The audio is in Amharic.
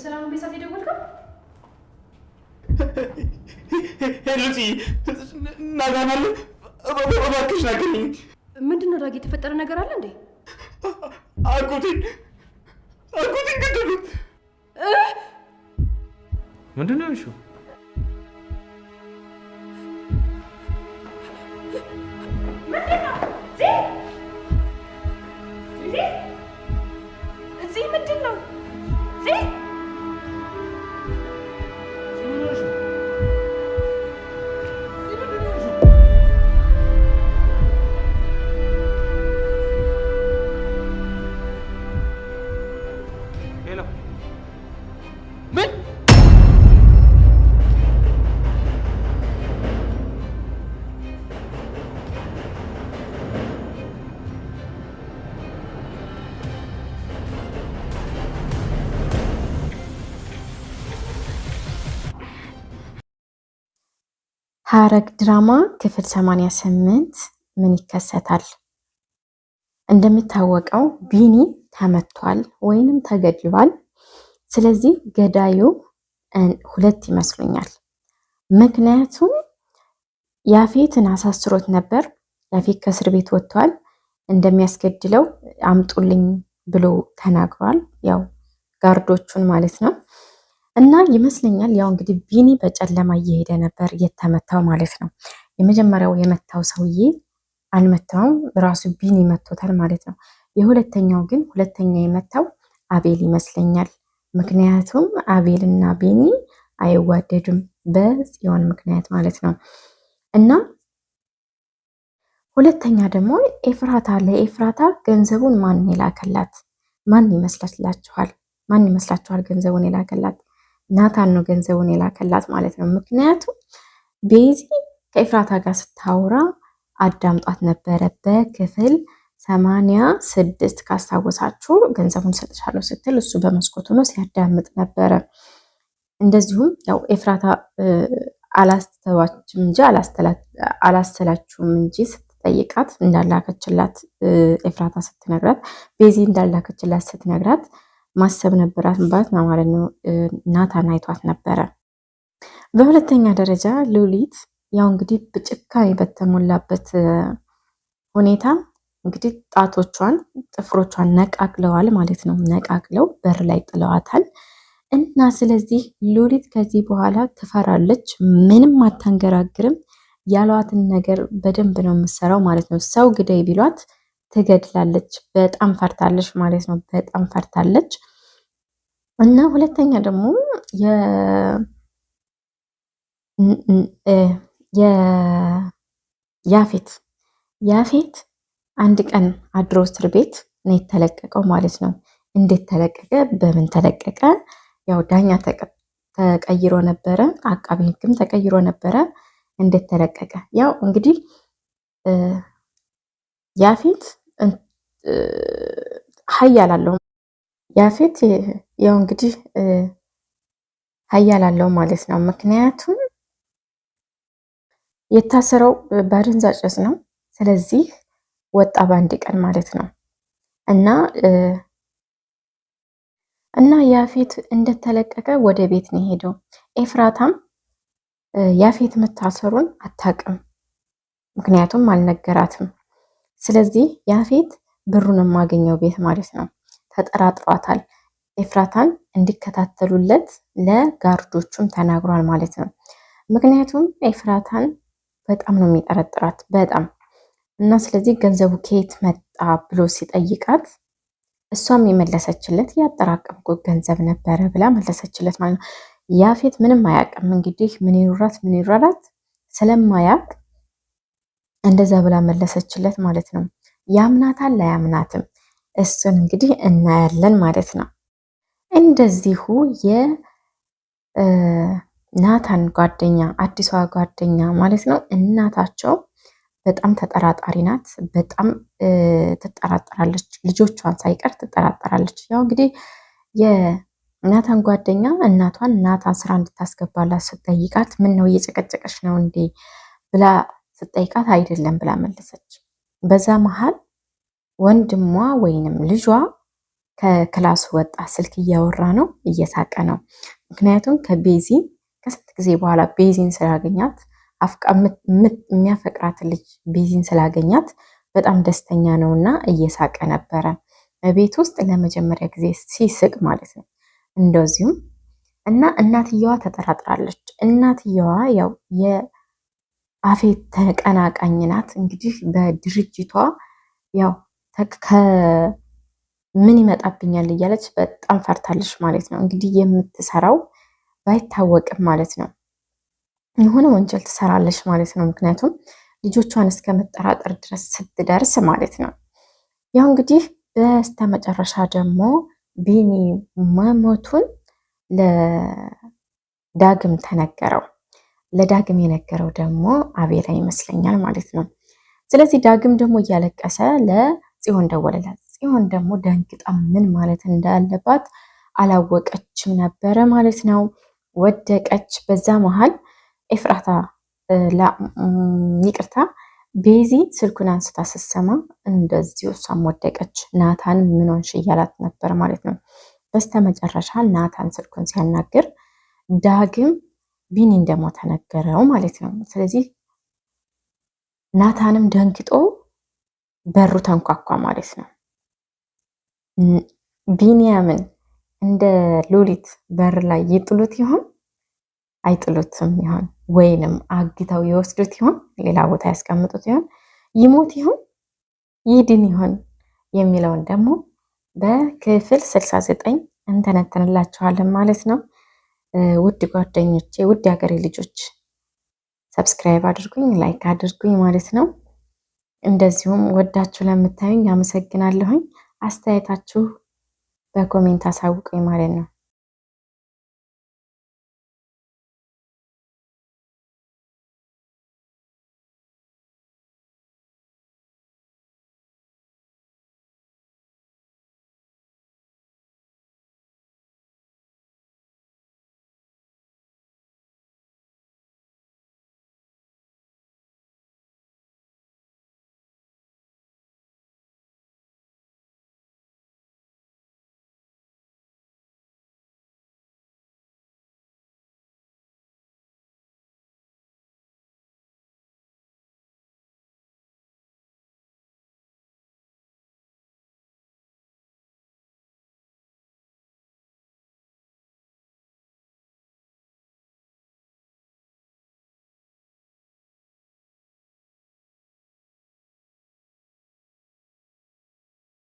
በሰላም ቤት ሰዓት የደወልከው? ሄሉቲ ናዛናል እባክሽ ናገኝ። ምንድን ነው ዳጊ? የተፈጠረ ነገር አለ እንዴ? አጎቴን አጎቴን ገደሉት። ምንድን ነው እሺ? ምንድን ነው ሐረግ ድራማ ክፍል 88 ምን ይከሰታል? እንደሚታወቀው ቢኒ ተመቷል ወይንም ተገድሏል። ስለዚህ ገዳዩ ሁለት ይመስሉኛል። ምክንያቱም ያፌትን አሳስሮት ነበር። ያፌት ከእስር ቤት ወጥቷል። እንደሚያስገድለው አምጡልኝ ብሎ ተናግሯል። ያው ጋርዶቹን ማለት ነው። እና ይመስለኛል ያው እንግዲህ ቢኒ በጨለማ እየሄደ ነበር የተመታው ማለት ነው። የመጀመሪያው የመታው ሰውዬ አልመታውም፣ ራሱ ቢኒ መቶታል ማለት ነው። የሁለተኛው ግን ሁለተኛ የመታው አቤል ይመስለኛል። ምክንያቱም አቤል እና ቢኒ አይዋደዱም በጽዮን ምክንያት ማለት ነው። እና ሁለተኛ ደግሞ ኤፍራታ ለኤፍራታ ገንዘቡን ማን የላከላት? ማን ይመስላችኋል? ማን ይመስላችኋል ገንዘቡን የላከላት? ናታን ነው ገንዘቡን የላከላት ማለት ነው። ምክንያቱም ቤዚ ከኤፍራታ ጋር ስታወራ አዳምጧት ነበረ በክፍል ሰማንያ ስድስት ካስታወሳችሁ ገንዘቡን ሰጥሻለሁ ስትል እሱ በመስኮት ሆኖ ሲያዳምጥ ነበረ። እንደዚሁም ያው ኤፍራታ አላስተዋችም እንጂ አላስተላችሁም እንጂ ስትጠይቃት እንዳላከችላት ኤፍራታ ስትነግራት ቤዚ እንዳላከችላት ስትነግራት ማሰብ ነበረባት ማለት ነው። ናታን አይቷት ነበረ። በሁለተኛ ደረጃ ሉሊት ያው እንግዲህ በጭካኔ በተሞላበት ሁኔታ እንግዲህ ጣቶቿን ጥፍሮቿን ነቃቅለዋል ማለት ነው። ነቃቅለው በር ላይ ጥለዋታል እና ስለዚህ ሉሊት ከዚህ በኋላ ትፈራለች። ምንም አታንገራግርም። ያሏትን ነገር በደንብ ነው የምትሰራው ማለት ነው። ሰው ግደይ ቢሏት ትገድላለች። በጣም ፈርታለች ማለት ነው። በጣም ፈርታለች። እና ሁለተኛ ደግሞ ያፌት ያፌት አንድ ቀን አድሮ እስር ቤት ነው የተለቀቀው ማለት ነው። እንዴት ተለቀቀ? በምን ተለቀቀ? ያው ዳኛ ተቀይሮ ነበረ፣ አቃቢ ህግም ተቀይሮ ነበረ። እንዴት ተለቀቀ? ያው እንግዲህ ያፌት ሀያል አለው ያፌት ያው እንግዲህ ሀያል አለው ማለት ነው። ምክንያቱም የታሰረው በአደንዛዥ ዕፅ ነው። ስለዚህ ወጣ በአንድ ቀን ማለት ነው እና እና ያፌት እንደተለቀቀ ወደ ቤት ነው የሄደው ኤፍራታም ያፌት መታሰሩን አታውቅም፣ ምክንያቱም አልነገራትም። ስለዚህ ያፌት ብሩን የማገኘው ቤት ማለት ነው ተጠራጥሯታል። ኤፍራታን እንዲከታተሉለት ለጋርዶቹም ተናግሯል ማለት ነው። ምክንያቱም ኤፍራታን በጣም ነው የሚጠረጥራት በጣም እና ስለዚህ ገንዘቡ ከየት መጣ ብሎ ሲጠይቃት እሷም የመለሰችለት ያጠራቀምኩት ገንዘብ ነበረ ብላ መለሰችለት ማለት ነው። ያፌት ምንም አያውቅም እንግዲህ ምን ይኑራት ምን ይራራት ስለማያውቅ እንደዛ ብላ መለሰችለት ማለት ነው። ያምናታል ላያምናትም። እሱን እንግዲህ እናያለን ማለት ነው። እንደዚሁ የናታን ጓደኛ አዲሷ ጓደኛ ማለት ነው እናታቸው በጣም ተጠራጣሪ ናት። በጣም ትጠራጠራለች፣ ልጆቿን ሳይቀር ትጠራጠራለች። ያው እንግዲህ የናታን ጓደኛ እናቷን ናታን ስራ እንድታስገባላት ስጠይቃት ምን ነው እየጨቀጨቀች ነው እንዴ ብላ ስጠይቃት አይደለም ብላ መለሰች። በዛ መሀል ወንድሟ ወይንም ልጇ ከክላሱ ወጣ፣ ስልክ እያወራ ነው፣ እየሳቀ ነው። ምክንያቱም ከቤዚ ከስንት ጊዜ በኋላ ቤዚን ስላገኛት የሚያፈቅራት ልጅ ቤዚን ስላገኛት በጣም ደስተኛ ነው እና እየሳቀ ነበረ። ቤት ውስጥ ለመጀመሪያ ጊዜ ሲስቅ ማለት ነው። እንደዚሁም እና እናትየዋ ተጠራጥራለች። እናትየዋ ያው የአፌት ተቀናቃኝ ናት። እንግዲህ በድርጅቷ ያው ምን ይመጣብኛል እያለች በጣም ፈርታለች ማለት ነው። እንግዲህ የምትሰራው ባይታወቅም ማለት ነው የሆነ ወንጀል ትሰራለች ማለት ነው። ምክንያቱም ልጆቿን እስከ መጠራጠር ድረስ ስትደርስ ማለት ነው። ያው እንግዲህ በስተመጨረሻ ደግሞ ቢኒ መሞቱን ለዳግም ተነገረው። ለዳግም የነገረው ደግሞ አቤላ ይመስለኛል ማለት ነው። ስለዚህ ዳግም ደግሞ እያለቀሰ ለ ጽዮን ደወለላት። ጽዮን ደግሞ ደንግጣ ምን ማለት እንዳለባት አላወቀችም ነበረ ማለት ነው። ወደቀች። በዛ መሀል ኤፍራታ ይቅርታ፣ ቤዚ ስልኩን አንስታ ስትሰማ እንደዚሁ እሷም ወደቀች። ናታን ምን ሆንሽ እያላት ነበር ማለት ነው። በስተመጨረሻ ናታን ስልኩን ሲያናግር ዳግም ቢኒ እንደሞተ ነገረው ማለት ነው። ስለዚህ ናታንም ደንግጦ በሩ ተንኳኳ ማለት ነው። ቢንያምን እንደ ሎሊት በር ላይ ይጥሉት ይሆን? አይጥሉትም ይሆን? ወይንም አግተው ይወስዱት ይሆን? ሌላ ቦታ ያስቀምጡት ይሆን? ይሞት ይሆን? ይድን ይሆን የሚለውን ደግሞ በክፍል 69 እንተነተንላችኋለን ማለት ነው። ውድ ጓደኞቼ፣ ውድ የሀገሬ ልጆች ሰብስክራይብ አድርጉኝ፣ ላይክ አድርጉኝ ማለት ነው። እንደዚሁም ወዳችሁ ለምታዩኝ አመሰግናለሁኝ። አስተያየታችሁ በኮሜንት አሳውቁኝ ማለት ነው።